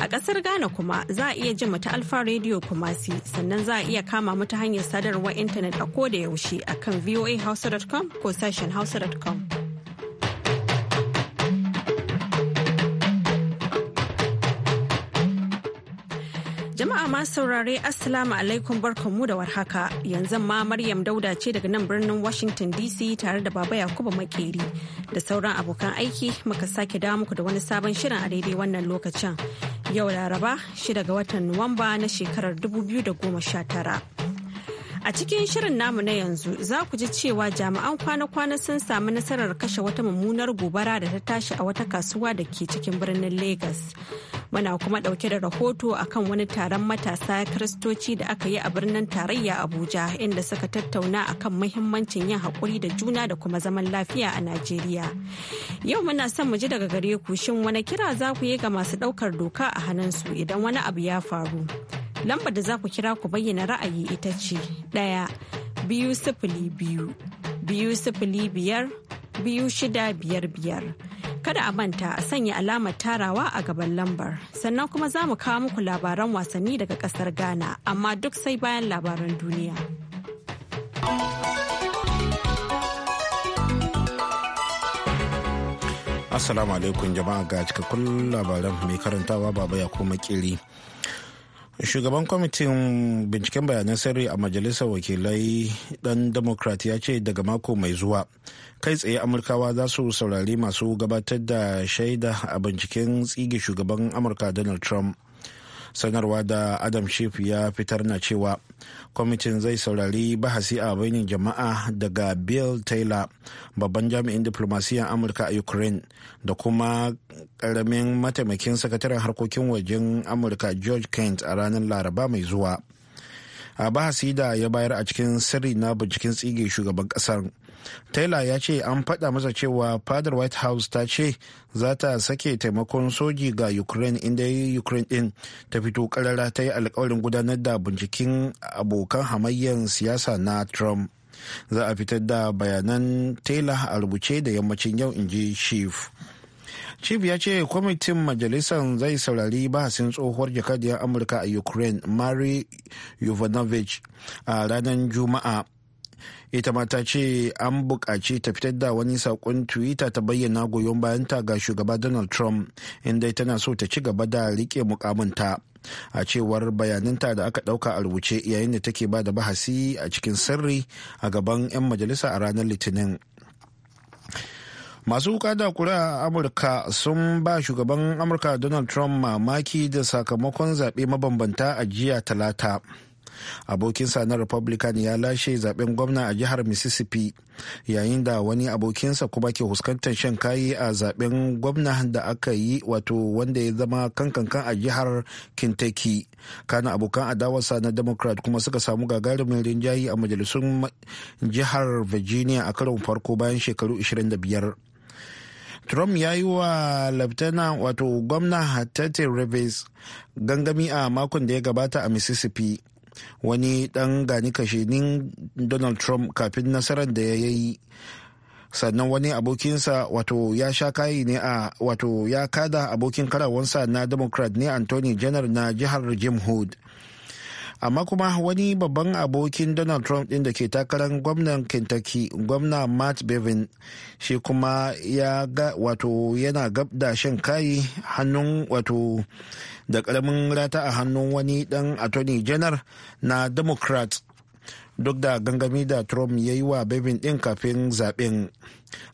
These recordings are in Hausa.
A ƙasar Ghana kuma za a iya jin ta Alfa Radio Kumasi sannan za a iya kama mu ta hanyar sadarwar intanet a ko da yaushe a kan voahouse.com ko sashen hausa.com. Jama'a ma saurare Assalamu alaikum mu da warhaka yanzu ma Maryam Dauda ce daga nan birnin Washington DC tare da Baba Yakubu Makeri da sauran abokan aiki muka sake dawo muku da wani sabon shirin a daidai wannan lokacin. yau laraba 6 ga watan nuwamba na shekarar 2019 A cikin shirin namu na yanzu za ku ji cewa jami'an kwana-kwana sun samu nasarar kashe wata mummunar gobara da ta tashi a wata kasuwa da ke cikin birnin Legas. Muna kuma ɗauke da rahoto a kan wani taron matasa kiristoci da aka yi a birnin tarayya Abuja inda suka tattauna akan muhimmancin yin haƙuri da juna da kuma zaman lafiya a Najeriya. Yau muna son mu ji daga gare ku shin wani kira za ku yi ga masu ɗaukar doka a hannunsu idan wani abu ya faru. Lambar da za ku kira ku bayyana ra'ayi ita ce ɗaya biyu sifili biyu biyu sifili biyar biyu shida biyar biyar. Kada a manta a sanya alamar tarawa a gaban lambar sannan kuma za mu kawo muku labaran wasanni daga kasar Ghana amma duk sai bayan labaran duniya. Assalamu alaikum jama'a ga cikakkun labaran mai karantawa baba ya kuma kiri. shugaban kwamitin binciken bayanan sirri a majalisar wakilai dan democrat ya ce daga mako mai zuwa kai tsaye amurkawa za su saurari masu gabatar da shaida a binciken tsige shugaban amurka donald trump sanarwa da adam shif ya fitar na cewa kwamitin zai saurari bahasi a bainin jama'a daga bill taylor babban jami'in diplomasiyan amurka a ukraine da kuma karamin mataimakin sakataren harkokin wajen amurka george kent a ranar laraba mai zuwa a bahasi da ya bayar a cikin sirri na binciken tsige shugaban kasar taylor ya ce an faɗa masa cewa fadar white house ta ce za ta sake taimakon soji ga ukraine inda ukraine din ta fito karara ta yi alkawarin gudanar da binciken abokan hamayyar siyasa na trump za a fitar da bayanan taylor a rubuce da yammacin yau in ji chief chief ya ce kwamitin majalisar zai saurari bahasin tsohuwar jakadiyar amurka a ukraine Mary yovanovich a ranar juma'a ita ma ta ce an buƙaci ta fitar da wani saƙon twitter ta bayyana goyon bayanta ga shugaba donald trump inda tana so ta ci gaba da riƙe mukamunta a cewar bayananta da aka ɗauka a rubuce yayin da take ba da bahasi a cikin sirri a gaban 'yan majalisa a ranar litinin masu wuka da kura a amurka sun ba shugaban amurka donald trump mamaki da sakamakon zaɓe mabambanta a jiya talata abokinsa na republican ya lashe zaben gwamna a jihar mississippi yayin da wani abokinsa kuma ke huskantar shan kayi a zaben gwamna da aka yi wato wanda ya zama kankankan a jihar kentucky kana abokan adawarsa na democrat kuma suka samu gagarumin rinjayi a majalisun jihar virginia a karon farko bayan shekaru 25 Trump ya yi wa laftana wato gwamna Hatate Reeves gangami a makon da ya gabata a Mississippi wani dan gani kashe ni donald trump kafin nasarar da ya yi sannan wani abokinsa wato ya sha kayi ne a wato ya kada abokin karawansa na democrat ne anthony janar na jihar jim hood amma kuma wani babban abokin donald trump din da ke takarar gwamnan kentucky gwamna matt bevin shi kuma ya ga wato yana gab da shan kayi hannun wato da karamin rata a hannun wani dan attorney general na democrat duk da gangami da trump ya yi wa bevin din kafin zaben.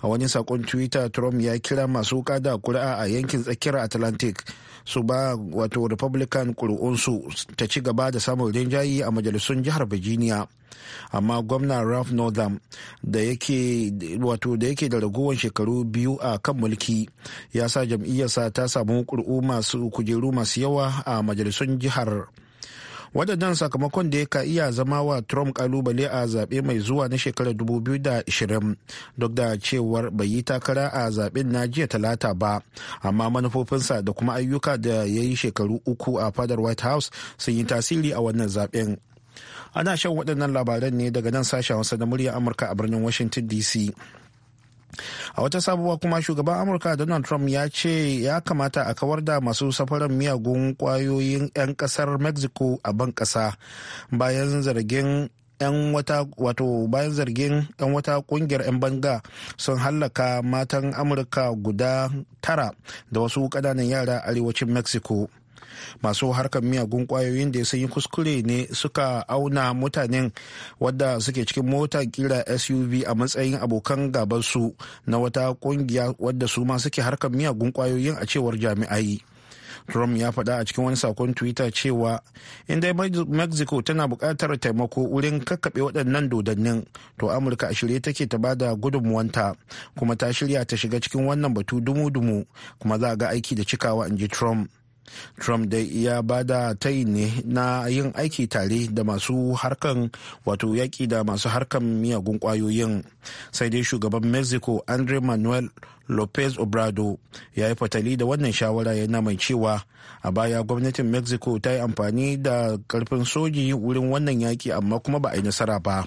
a wani sakon twitter trump ya kira masu kada kuri'a a yankin tsakiyar atlantic su ba wato republican kuri'unsu ta ci gaba da samun rinjaye a majalisun jihar virginia amma gwamna ralph northam da yake wato da yake da ragowar shekaru biyu a kan mulki ya sa jam'iyyarsa ta samu kuri'u masu kujeru masu yawa a majalisun jihar waɗannan sakamakon da ya ka iya zama wa trump kalubale a zaɓe mai zuwa na shekarar 2020 duk da cewar bai yi takara a zaɓen na jiya talata ba amma manufofinsa da kuma ayyuka da ya yi shekaru uku a fadar white house sun yi tasiri a wannan zaɓen ana shan waɗannan labaran ne daga nan sashen hausa da murya amurka a birnin washington dc a wata sabuwa kuma shugaban amurka donald trump ya ce ya kamata a kawar da masu safarar miyagun kwayoyin 'yan kasar mexico a ban kasa bayan zargin 'yan wata wato bayan zargin 'yan wata kungiyar 'yan banga sun hallaka matan amurka guda tara da wasu ƙananan yara arewacin mexico masu harkar miyagun kwayoyin da sun yi kuskure ne suka auna mutanen wadda suke cikin mota kira suv a matsayin abokan gabansu na wata kungiya wadda su ma suke harkar miyagun kwayoyin a cewar jami'ai trump ya faɗa a cikin wani sakon twitter cewa in dai mexico tana buƙatar taimako wurin kakkaɓe waɗannan dodannin to amurka a shirye take ta ba da gudunmuwanta kuma ta shirya ta shiga cikin wannan batu dumu-dumu kuma za a ga aiki da cikawa in ji trump trump dai ya ba da tayi ne na yin aiki tare da masu harkan wato yaƙi da masu harkan miyagun ƙwayoyin sai dai shugaban mexico andre manuel lopez obrado ya yi fatali da wannan shawara yana mai cewa a baya gwamnatin mexico ta yi amfani da karfin soji wurin wannan yaƙi amma kuma ba a yi nasara ba.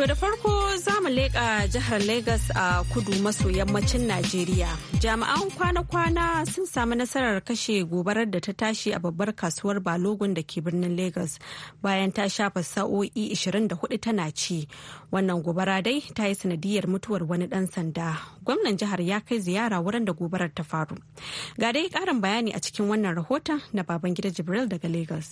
To da farko za mu leƙa jihar Legas a kudu maso yammacin Najeriya. Jami'an kwana-kwana sun samu nasarar kashe gobarar da ta tashi a babbar kasuwar Balogun da ke birnin Legas bayan ta shafa sa'o'i 24 tana ci. Wannan gobara dai ta yi sanadiyar mutuwar wani ɗan sanda. Gwamnan jihar ya kai ziyara wurin da gobarar ta faru. Ga dai ƙarin bayani a cikin wannan rahoton na Babangida Jibril daga Legas.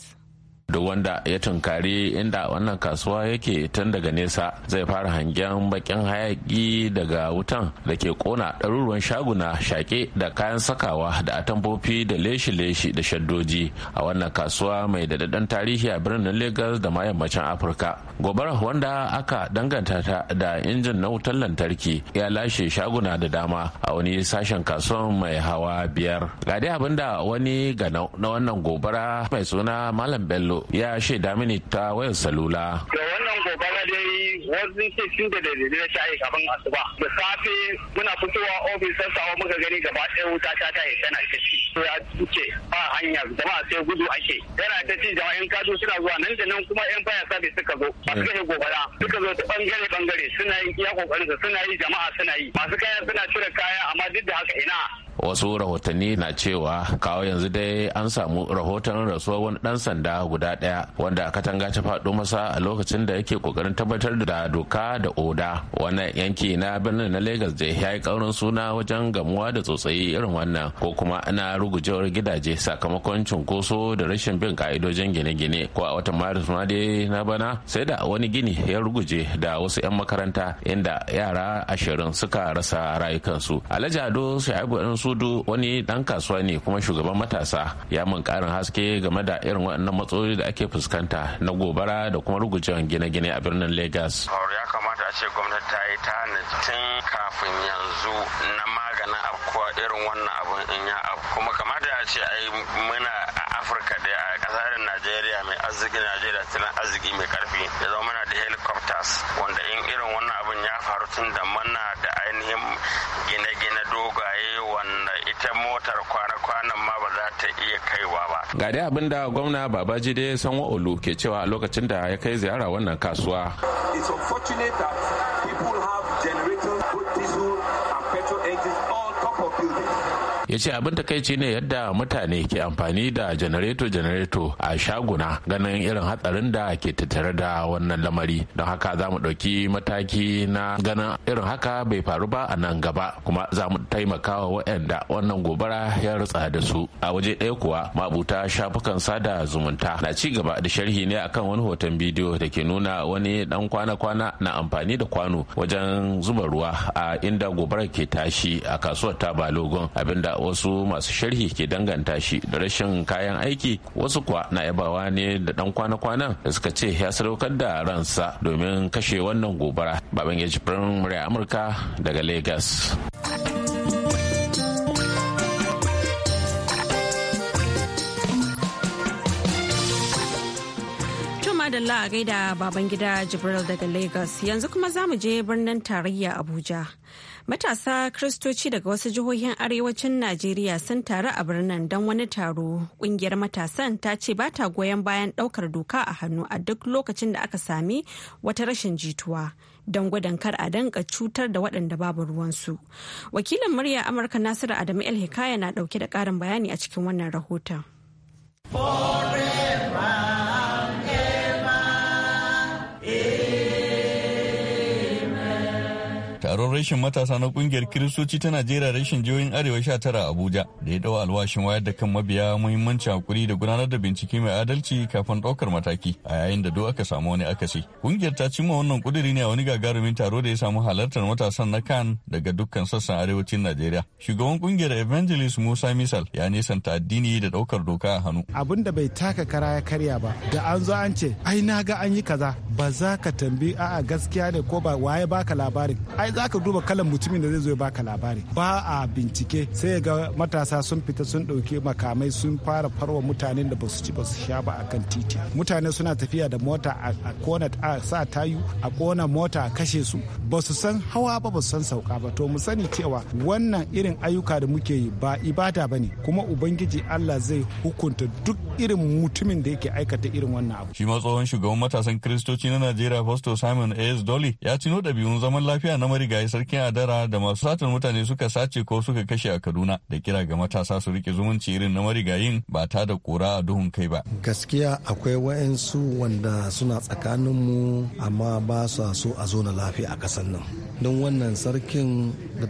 duk wanda ya tunkari inda wannan kasuwa yake tun daga nesa zai fara hangen bakin hayaki daga wutan da ke kona ɗaruruwan shaguna shaƙe da kayan sakawa da atamfofi da leshi-leshi da shaddoji a wannan kasuwa mai daɗaɗɗen tarihi a birnin Legas da ma yammacin afirka gobara wanda aka danganta ta da injin na wutan lantarki ya lashe shaguna da dama a wani sashen kasuwan mai hawa biyar ga dai abinda wani ga na wannan gobara mai suna malam bello ya shaida mini ta wayar salula da wannan gobara dai wasu ke da dalilai ta yi kafin asuba da safe muna fitowa ofis sai muka gani gaba ɗaya wuta ta ta tana ta ci to ya tuce ba hanya jama'a sai gudu ake yana ta ci jama'a yan kaso suna zuwa nan da nan kuma yan fire service suka zo ba su kai gobara suka zo ta bangare bangare suna yi iya kokarin suna yi jama'a suna yi masu kaya suna cire kaya amma duk da haka ina wasu rahotanni na cewa kawo yanzu dai an samu rahoton rasuwar wani dan sanda guda daya wanda katanga ta faɗo masa a lokacin da yake kokarin tabbatar da doka da oda wannan yanki na birnin na lagos da ya yi kaurin suna wajen gamuwa da tsotsayi irin wannan ko kuma ana rugujewar gidaje sakamakon cunkoso da rashin bin ka'idojin gine-gine ko a watan maris ma dai na bana sai da wani gini ya ruguje da wasu 'yan makaranta inda yara ashirin suka rasa rayukansu alhaji ado shaibu sudu wani dan kasuwa ne kuma shugaban matasa ya mun karin haske game da irin waɗannan matsaloli da ake fuskanta na gobara da kuma rugujewan gine-gine a birnin lagos ya kamata a ce gwamnati ta yi tun kafin yanzu na maganin afkuwa irin wannan abun in ya kuma kamata a ce ai muna a afirka da a kasar najeriya mai arziki najeriya tana arziki mai karfi ya zama muna da helicopters wanda in irin wannan abun ya faru tun da mana da ainihin gine-gine doga ita motar kwana-kwanan ma ba za ta iya kaiwa ba ga dai abin da gwamna ya san olu ke cewa lokacin da ya kai ziyara wannan kasuwa it's unfortunate that ya ce abin takaici ne yadda mutane ke amfani da janareto-janareto a shaguna ganin irin hatsarin da ke tattare da wannan lamari don haka za mu ɗauki mataki na ganin irin haka bai faru ba a nan gaba kuma za mu taimaka wa waɗanda wannan gobara ya rutsa da su a waje ɗaya kuwa mabuta shafukan sada zumunta na ci gaba da sharhi ne akan wani hoton bidiyo da ke nuna wani dan kwana-kwana na amfani da kwano wajen zuba ruwa a inda gobara ke tashi a kasuwar ta balogun abinda wasu masu sharhi ke danganta shi da rashin kayan aiki wasu kuwa na yabawa ne da dan kwana-kwanan da suka ce ya sadaukar da ransa domin kashe wannan gobara baban yaji firin amurka daga lagos madalla a gaida baban gida jibril daga lagos yanzu kuma za mu je birnin tarayya abuja Matasa Kristoci daga wasu jihohin arewacin Najeriya sun taru a birnin don wani taro. Kungiyar matasan ta ce ba ta goyon bayan ɗaukar doka a hannu a duk lokacin da aka sami wata rashin jituwa. Don gwadon kar a danka cutar da waɗanda babu ruwansu. Wakilin murya Amurka Nasiru Adamu El na ɗauke da ƙarin bayani a cikin wannan rahoton. taron rashin matasa na kungiyar Kiristoci ta Najeriya rashin jihohin Arewa 19 Abuja da ya dawo alwashin wayar da kan mabiya muhimmancin hakuri da gudanar da bincike mai adalci kafin ɗaukar mataki a yayin da duk aka samu wani akasi. Kungiyar ta cimma wannan kuduri ne a wani gagarumin taro da ya samu halartar matasan na kan daga dukkan sassan arewacin Najeriya. Shugaban kungiyar Evangelist Musa Misal ya nisanta addini da daukar doka a hannu. Abin da bai taka kara ya karya ba da an zo an ce ai na ga an yi kaza ba za ka tambi a'a gaskiya ne ko ba waye baka labarin ai za ka duba kalan mutumin da zai zo ya baka labari ba a bincike sai ga matasa sun fita sun ɗauki makamai sun fara farwa mutanen da basu ci basu sha ba akan titi mutane suna tafiya da mota a kona a sa tayu a kona mota a kashe su basu san hawa ba basu san sauka ba to mu sani cewa wannan irin ayyuka da muke yi ba ibada ba ne kuma ubangiji Allah zai hukunta duk irin mutumin da yake aikata irin wannan abu shi ma tsohon shugaban matasan kristoci na Najeriya Pastor Simon A.S. Dolly ya cino ɗabi'un zaman lafiya na marigayi sarkin adara da masu satar mutane suka sace ko suka kashe a kaduna da kira ga matasa su rike zumunci irin na marigayin ba ta da kura a duhun kai ba gaskiya akwai wa'yansu wanda suna tsakanin mu amma ba su so a zo na lafiya a kasan nan don wannan sarkin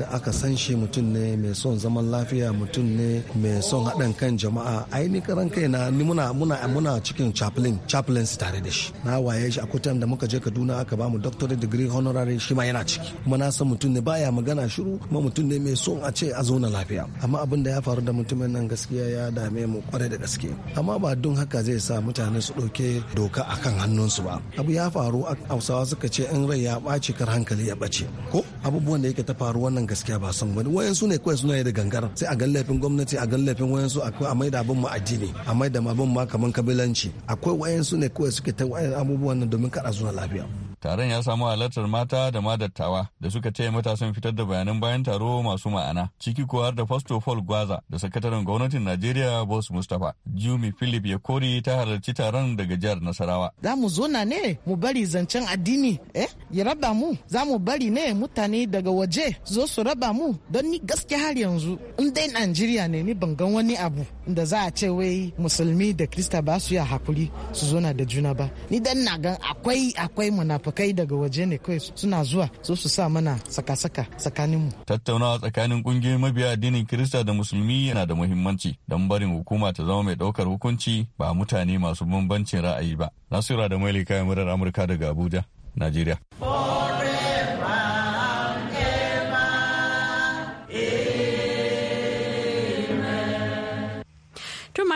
da aka san shi mutum ne mai son zaman lafiya mutum ne mai son haɗin kan jama'a ainihin karan kai na muna muna muna cikin chaplain chaplain tare da shi na waye shi a kutan da muka je kaduna aka ba mu doctorate degree honorary shi ma yana ciki kuma na san mutum ne baya magana shiru kuma mutum ne mai son a ce a zauna lafiya amma abin da ya faru da mutumin nan gaskiya ya dame mu kwarai da gaske amma ba don haka zai sa mutane su ɗauke doka akan hannunsu ba abu ya faru hausawa suka ce in rai ya ɓaci kar hankali ya ɓace ko abubuwan da yake ta faru wannan gaskiya ba san wayan su ne kawai suna yi da gangar sai a gan laifin gwamnati a gan laifin su akwai a maida abin mu addini a maida abin ma kaman kabilanci akwai wayan su ne kawai suke ta wayan abubuwan nan domin kada zuwa lafiya taron ya samu halartar mata da ma dattawa da suka taya matasan fitar da bayanan bayan taro masu ma'ana ciki ko har da Fasto Paul Gwaza da sakataren gwamnatin Najeriya Boss Mustapha. Jumi Philip ya kori ta halarci taron daga jihar Nasarawa. Za mu zona ne mu bari zancen addini eh ya raba mu za mu bari ne mutane daga waje zo su raba mu don ni gaskiya har yanzu in dai Najeriya ne ni ban gan wani abu da za a ce wai musulmi da krista ba su ya hakuri su zona da juna ba ni dan na gan akwai akwai munafa munafukai daga waje ne kai suna zuwa su su sa mana saka-saka tsakanin Tattaunawa tsakanin kungiyoyin mabiya addinin Kirista da Musulmi yana da muhimmanci don barin hukuma ta zama mai ɗaukar hukunci ba mutane masu bambancin ra'ayi ba. Nasira da Maili kayan murar Amurka daga Abuja, Najeriya.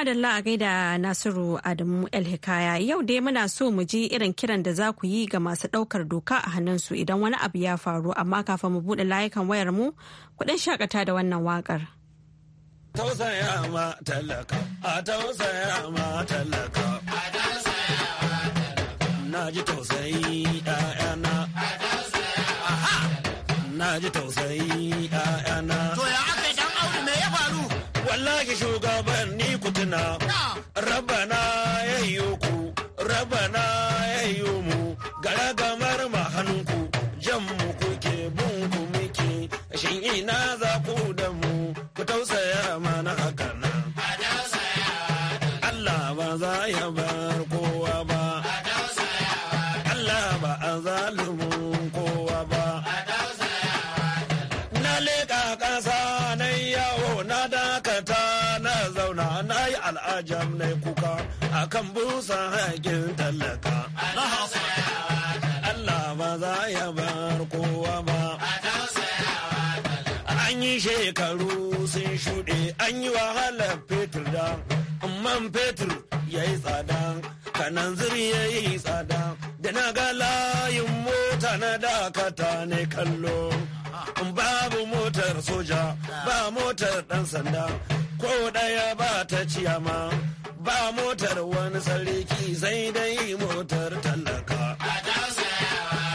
madalla a gaida Nasiru Adamu El Hikaya yau dai muna so mu ji irin kiran da za ku yi ga masu ɗaukar doka a hannunsu idan wani abu ya faru amma kafin mu buɗe layukan wayar mu kuɗin shakata da wannan wakar na ji tausayi now. jam na kuka kan busa haƙin tallaka Allah ba za ya bar kowa ba an yi shekaru sun shuɗe an yi wahalar fetur da man fetur ya yi tsada kanan zuri ya yi tsada da na ga layin mota na dakata ne kallo. babu motar soja ba motar ɗan sanda ko ɗaya ba ta ciyama ba motar wani sarki sai dai motar tallaka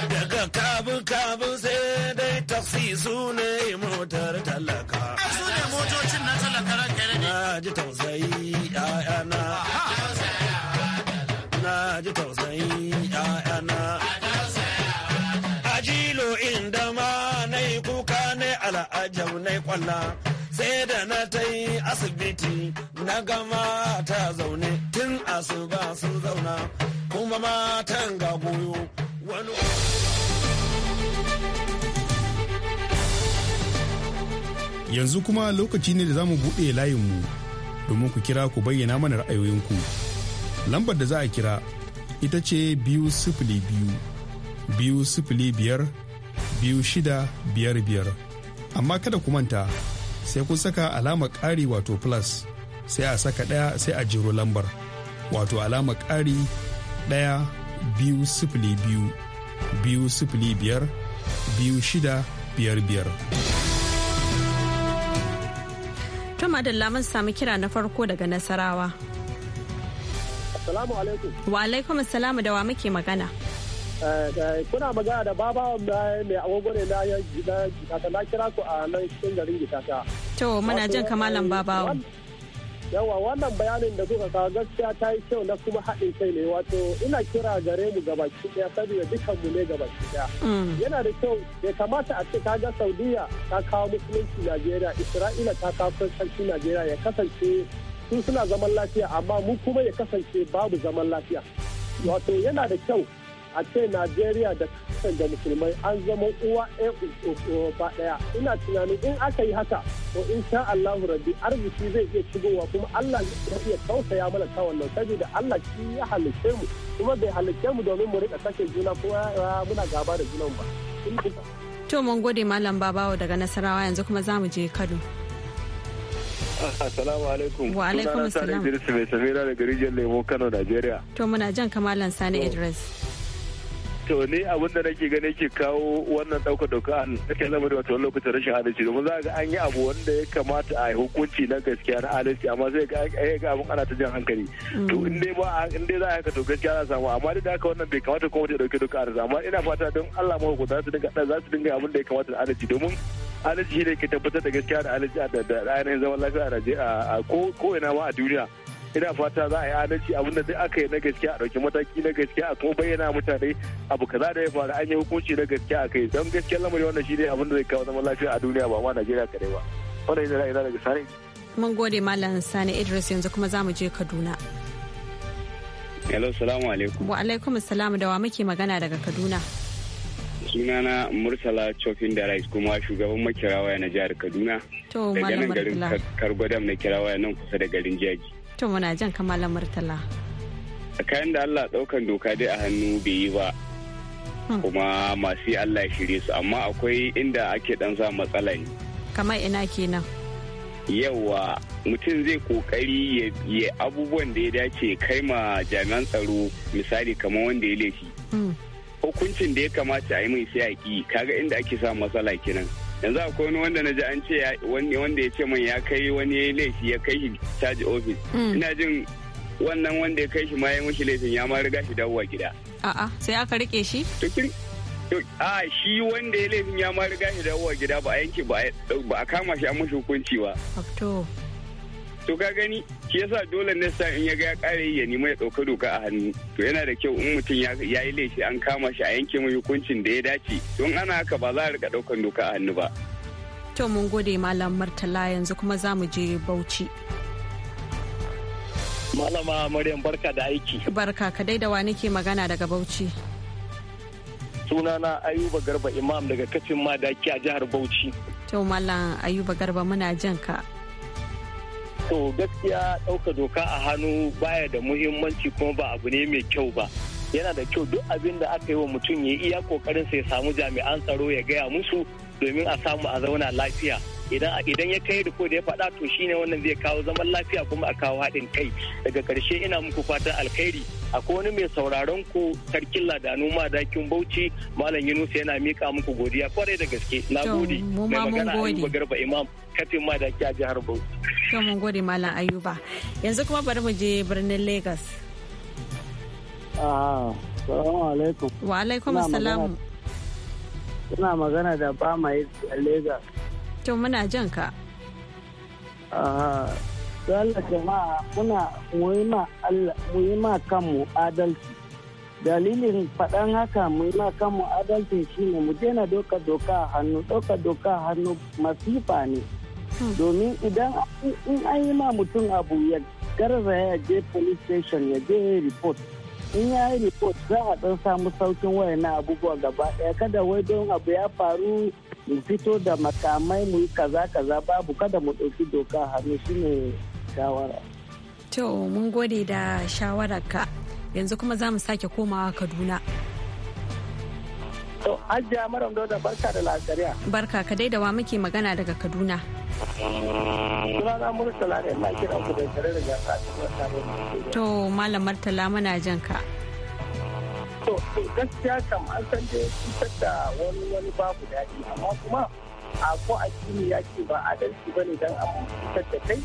daga kabin kabin sai dai taksi su ne motar tallaka su ne motocin na tallaka ran na ji tausayi ya'yana na ji tausayi ya'yana kwalla sai da na ta yi asibiti na gama ta zaune tun asuba sun zauna kuma matan ga goyo wani yanzu kuma lokaci ne da za mu buɗe layinmu domin ku kira ku bayyana mana ra'ayoyinku lambar da za a kira ita ce biyu sifili biyu biyu sifili biyar biyu shida biyar biyar amma kada ku manta sai kun saka alama ƙari wato plus sai a saka ɗaya sai a jiro lambar wato alama ƙari ɗaya biyu sifili biyu biyu sifili biyar biyu shida biyar biyar. To da mun sami kira na farko daga Nasarawa. Salamu alaikum. Wa alaikum salamu da wa muke magana. Eh, eh, kuna magana da baba mai agogo ne na gitata na kira ku a nan cikin garin gitata. To muna jan kamalan babawo. Yawa wannan bayanin da kuka kawo gaskiya ta yi kyau na kuma haɗin kai ne wato ina kira gare mu gaba ɗaya saboda dukan mu ne gaba ɗaya. Mm. Yana da kyau ya kamata a ce kaga Saudiya ta kawo musulunci Najeriya Isra'ila ta kawo Najeriya ya kasance suna zaman lafiya amma mu kuma ya kasance babu zaman lafiya. Wato yana da kyau a ce najeriya da kasan da musulmai an zama uwa ɗaya ba ɗaya ina tunanin in aka yi haka to in sha allahu rabbi arziki zai iya shigowa kuma allah ya iya tausaya mana ta wannan saboda allah shi ya halicce mu kuma bai halicce mu domin mu rika sake juna ko ah, ah, muna gaba da junan ba to mun gode malam babawo daga nasarawa yanzu kuma za mu je kano Assalamu alaikum. Wa alaikum assalam. Sunana Sani Idris mai samira daga rijiyar Lemo Kano, Najeriya. To muna jan kamalan Sani Idris. to ne abin da nake gani ke kawo wannan dauka doka an take zama wato lokacin rashin adalci domin za ga an yi abu wanda ya kamata a yi hukunci na gaskiya na adalci amma sai ga ai eh, ga abun ana ta jan hankali to mm. in dai ba in dai za a haka to gaskiya za a samu amma duk da haka wannan bai kamata kuma ta ɗauki doka an amma ina fata don Allah mu za su dinga za su dinga abin da ya kamata na adalci domin adalci ne ke tabbatar da gaskiya da adalci a da ainihin zaman lafiya a ko ina ma a duniya ina fata za a yi adalci abin da duk aka yi na gaskiya a ɗauki mataki na gaskiya a kuma bayyana mutane abu kaza da ya faru an yi hukunci na gaskiya a kai don gaskiyar lamari wannan shi ne abin da zai kawo zaman lafiya a duniya ba ma Najeriya kadai ba wannan yana ra'ayi daga sare mun gode malam Sani Idris yanzu kuma za mu je Kaduna Hello salamu alaikum Wa alaikum salam da wa muke magana daga Kaduna sunana Murtala Chofin da Rice kuma shugaban makirawaya na jihar Kaduna. To, Malam Murtala. garin Kargwadam na kirawaya nan kusa da garin Jaji. to muna jan kamala murtala tsakanin da allah daukan doka dai a hannu bai yi ba hmm. kuma masu allah shirye su amma akwai inda ake dan sa matsala ne kamar ina kenan yawa mutum zai kokari ya abubuwan da ya dace kai ma jami'an tsaro misali kamar wanda ya laifi hmm. hukuncin da ya kamata a yi mai sai a kaga inda ake sa matsala kenan yanzu akwai wani wanda na ji an ce wanda ya ce man ya kai wani ya laifi ya kai shi caji ofis mm. ina jin wannan wanda ya kai shi ma ya mushi laifin ya ma riga shi dawowa gida a'a sai aka rike shi a shi wanda ya laifin ya ma riga shi dawowa gida ba a yanke ba a kama shi an mushi hukunci ba to ka gani shi yasa dole sa in ya ga ya kare ya nima ya dauka doka a hannu to yana da kyau in mutum ya yi laifi an kama shi a yanke mai hukuncin da ya dace don ana haka ba za a rika daukan doka a hannu ba to mun gode malam martala yanzu kuma za mu je bauchi malama maryam barka da aiki barka ka dai da wa ke magana daga bauchi sunana ayuba garba imam daga kacin madaki a jihar bauchi to mallam ayuba garba muna jan ka to gaskiya ɗauka doka a hannu baya da muhimmanci kuma ba abu ne mai kyau ba yana da kyau duk abin da aka yi wa mutum ya iya kokarin ya samu jami'an tsaro ya gaya musu domin a samu a zauna lafiya idan idan ya kai da da ya faɗa to shine wannan zai kawo zaman lafiya kuma a kawo haɗin kai daga ƙarshe ina muku fatan alkhairi akwai wani mai sauraron ku karkin ladanu dakin bauchi malam yunus yana mika muku godiya kwarai da gaske na gode mai magana ayuba garba imam kafin madaki a jihar bauchi to mun gode malam ayuba yanzu kuma bari mu je birnin lagos Assalamu ah, alaikum. Wa alaikum assalam. Ina magana da ba mai Lagos. To muna jan ka. Ah, Allah jama'a muna muyi ma kanmu adalci. Dalilin faɗan haka muhimma kanmu adalci shine mu daina doka doka a hannu, doka doka a hannu masifa ne. Hmm. Domin idan in an yi ma mutum abu ya garza ya je police station ya je report. in ya yi report za a ɗan samu saukin na abubuwa gaba ɗaya kada wai don abu ya faru mu fito da makamai mu yi kaza kaza babu kada mu ɗauki doka hannu shine shawara to mun gode da shawararka yanzu kuma za mu sake komawa kaduna to ajiya maram da barka da lasariya barka ka dai da wa muke magana daga kaduna to malam martala muna jan ka to gaskiya kam an san dai da wani wani babu daɗi amma kuma a ko addini ya ce ba a adalci ne dan abu fitar da kai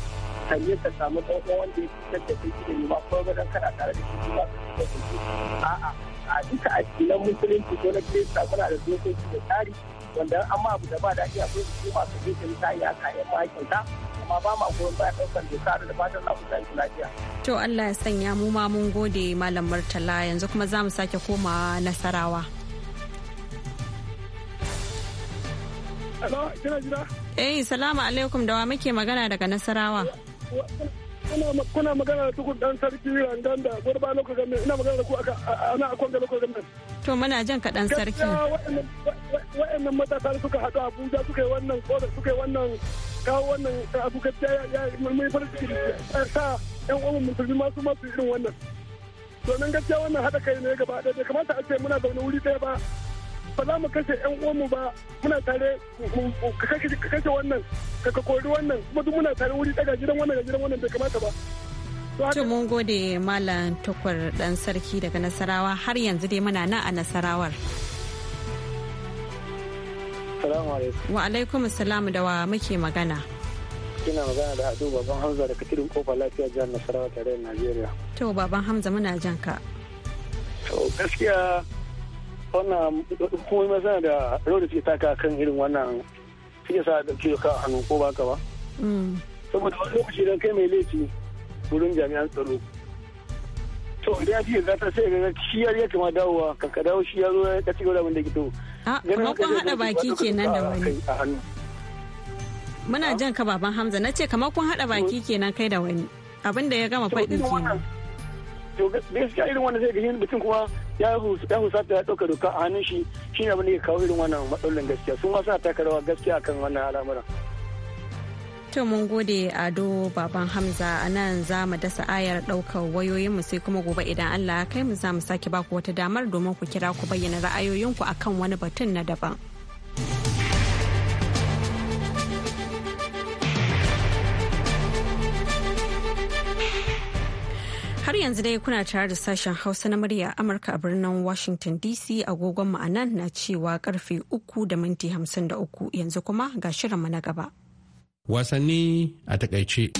kan yi ka samu ɗan wanda ya fitar da kai shi ne ba ko ba kada tare da shi ba ka fitar da a'a a duka addinan musulunci ko na kirista kuna da dokoki da tsari wanda an ma abu da ba da iya akwai su masu je ta iya kayan makin ta amma ba ma goyon baya ɗaukar doka da fatan abu da ake lafiya. To Allah ya sanya mu ma mun gode Malam Murtala yanzu kuma za mu sake komawa Nasarawa. Eh, salamu alaikum da wa muke magana daga Nasarawa. Kuna magana da tukun dan sarki randan da gwarba local government ina magana da ku ana akwai da local government. To muna jan ka dan sarki. Wa'annan matasa da suka haɗu Abuja suka yi wannan kodar suka yi wannan kawo wannan abu gaskiya ya mai fara ciki sa yan uwan musulmi masu masu irin wannan. Domin gaskiya wannan haɗa kai ne gaba ɗaya kamata a ce muna zaune wuri ɗaya ba ba za mu kashe yan uwanmu ba muna tare ka kashe wannan ka ka kori wannan kuma duk muna tare wuri daga gidan wannan da gidan wannan bai kamata ba To mun gode Malam Tukur dan sarki daga Nasarawa har yanzu dai muna nan a Nasarawar. Wa alaikum salamu da wa muke magana. Kina magana da Ado Baban Hamza da Tirin Kofar Lafiya Jihar Nasarawa tare da Najeriya. To Baban Hamza muna jan ka. To gaskiya wannan hukumomi ma suna da rawar da suke taka kan irin wannan suke sa da ke ka hannu ko ba ka ba mm. saboda wani lokaci don kai mai laifi wurin jami'an tsaro to idan ya fiye za ta sai ga shi ya ya kama dawowa kan ka dawo shi ya zo ya ci gaba da abin da ke to haɗa baki kenan da wani muna jan ka baban hamza na ce kamar kun haɗa baki kenan kai da wani abin da ya gama faɗi kenan to gaskiya irin wannan zai ga yin mutum kuma ya husata ya ɗauka doka a hannun shi shine abin da ya kawo irin wannan matsalolin gaskiya sun ma taka rawa gaskiya akan wannan alamura To mun gode Ado Baban Hamza a nan za mu dasa ayar ɗaukar wayoyinmu sai kuma gobe idan Allah ya kai mu za mu sake baku wata damar domin ku kira ku bayyana ra'ayoyinku akan wani batun na daban. yanzu dai kuna tare da sashen Hausa na murya Amurka a birnin Washington DC agogon mu na cewa karfe uku da minti hamsin yanzu kuma ga shirinmu na gaba. Wasanni a takaice.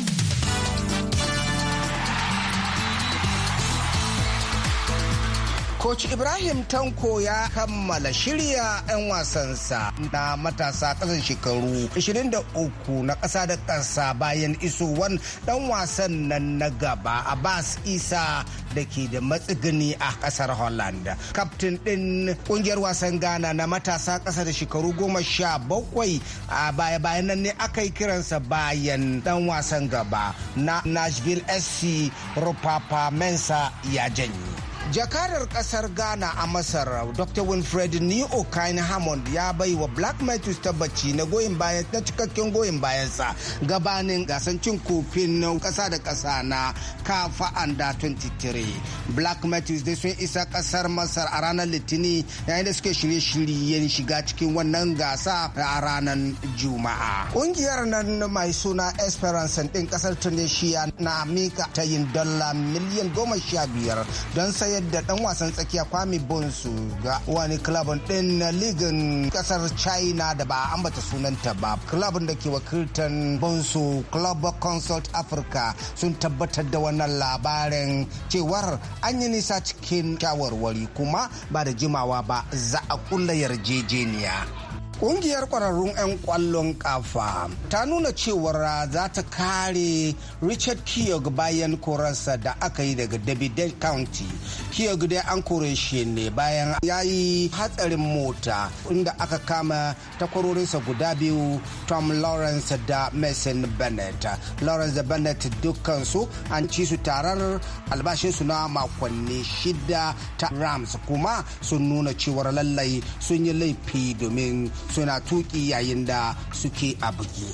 Coach Ibrahim Tanko ya kammala shirya 'yan wasansa na matasa ƙasan shekaru 23 na ƙasa da ƙasa bayan isowan ɗan wasan nan na gaba Bas Isa da ke da matsigini a ƙasar Holland. Kaftin ɗin ƙungiyar wasan Gana na matasa ƙasa da shekaru goma sha bakwai a baya-bayan nan ne aka yi kiransa bayan ɗan wasan gaba na Nashville SC Rupapa Mensa ya janyi. Jakadar kasar Ghana a Masar, Dr. Winfred Neo Kine Hammond ya bai wa Black Matthews tabbaci na goyin bayan na cikakken goyin bayansa gabanin gasan cin kofin na kasa da kasa na kafa anda 23. Black Matthews dai sun isa kasar Masar a ranar Litini yayin da suke shirye-shiryen shiga cikin wannan gasa a ranar Juma'a. Kungiyar nan mai suna Esperance din kasar Tunisia na Amika ta yin dala miliyan goma sha biyar don sayar da dan wasan tsakiya kwami bonsu ga wani klabin din na ligin kasar china da ba ambata sunanta ba klabin da ke wakiltan bonsu club consult africa sun tabbatar da wannan labarin cewar an yi nisa cikin shawarwari kuma ba da jimawa ba za a kulla yarjejeniya Ƙungiyar ƙwararrun 'yan ƙwallon ƙafa ta nuna cewar za ta kare Richard keogh bayan korarsa da aka yi daga David County. keogh dai an kore shi ne bayan ya yi hatsarin mota inda aka kama takwarorinsa guda biyu Tom Lawrence da Mason Bennett. Lawrence da Bennett dukansu an ci su tarar albashinsu na makonni shida ta Rams kuma sun nuna cewar lallai sun yi laifi domin suna tuki yayin da suke a bugi.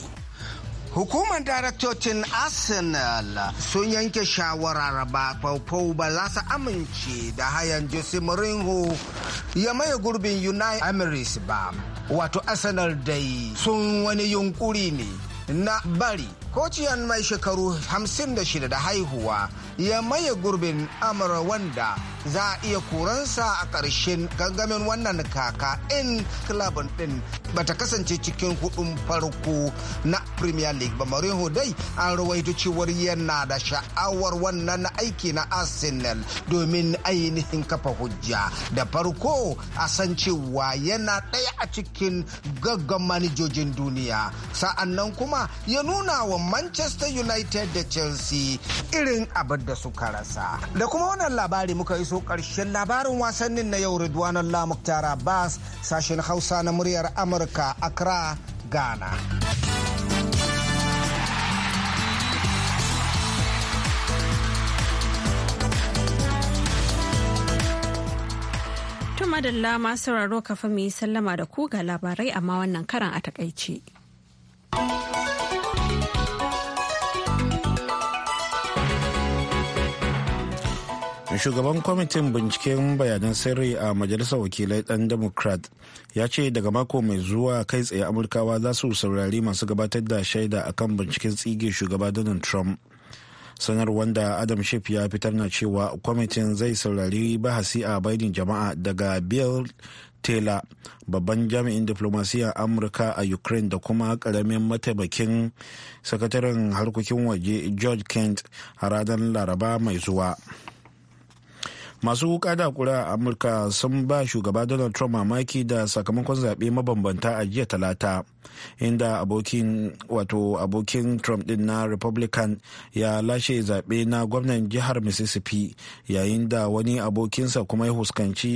Hukumar daraktocin Arsenal sun yanke shawarar ba faufau ba za su amince da hayan Jose Mourinho ya maye gurbin United Emirates ba. Wato Arsenal dai sun wani yunkuri ne na bari kociyan mai shekaru 56 da haihuwa ya maye gurbin Amarwanda wanda za a iya kuransa a ƙarshen gangamin wannan kaka in kilabin ɗin bata kasance cikin hudun farko na premier league ba mourinho dai an rawaito cewar yana da sha'awar wannan aiki na arsenal domin ainihin kafa hujja da farko a san cewa yana ɗaya a cikin gaggan manijojin duniya sa'annan kuma ya nuna wa manchester united da chelsea irin abin da suka rasa da kuma wannan labari muka iso karshen labarin wasannin na yau ridwanan lamuktar abbas sashen hausa na muryar amurka accra ghana madalla masu sauraro kafin mu yi sallama da ku ga labarai amma wannan karan a takaice. shugaban kwamitin binciken bayanan sirri a majalisar wakilai dan democrat ya ce daga mako mai zuwa kai tsaye amurkawa za su saurari masu gabatar da shaida a kan binciken tsige shugaba donald trump sanar wanda adam shef ya fitar na cewa kwamitin zai saurari bahasi a bainin jama'a daga bill taylor babban jami'in diplomasiyyar amurka a ukraine da kuma karamin mataimakin sakataren harkokin waje george kent a ranar laraba mai zuwa masu wuka da kura a amurka sun ba shugaba donald trump mamaki da sakamakon zaɓe mabambanta a jiya talata inda abokin wato abokin trump din na republican ya lashe zaɓe na gwamnan jihar mississippi yayin da wani abokinsa kuma ya huskanci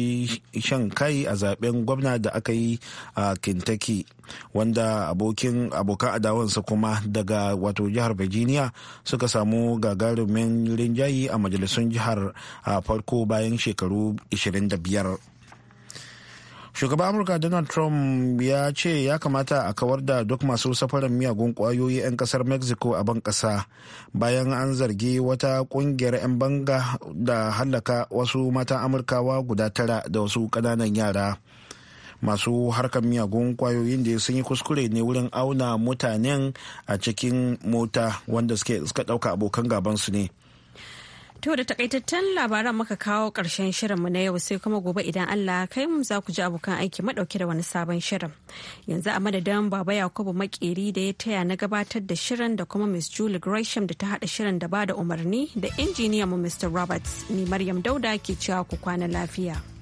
shan kai a zaɓen gwamna da aka yi a kentucky wanda abokin abokan adawansa kuma daga wato jihar virginia suka samu gagarumin rinjayi a majalisun jihar a farko bayan shekaru 25 shugaban amurka donald trump ya ce ya kamata a kawar da duk masu safarin miyagun kwayoyi 'yan kasar mexico a ban kasa bayan an zargi wata kungiyar 'yan banga da hallaka wasu mata amurkawa guda tara da wasu kananan yara masu harkar miyagun kwayoyin da sun yi kuskure ne wurin auna mutanen a cikin mota wanda suka dauka abokan gabansu ne To da takaitaccen labaran muka kawo ƙarshen mu na yau sai kuma gobe idan Allah kai mu za ku ji abokan aiki madauke da wani sabon shirin. Yanzu a madadin Baba Yakubu Makeri da ya taya na gabatar da shirin da kuma Miss Julie Gresham da ta hada shirin da ba da umarni da injiniyan mu Mr. Roberts ni Maryam Dauda ke cewa ku kwana lafiya.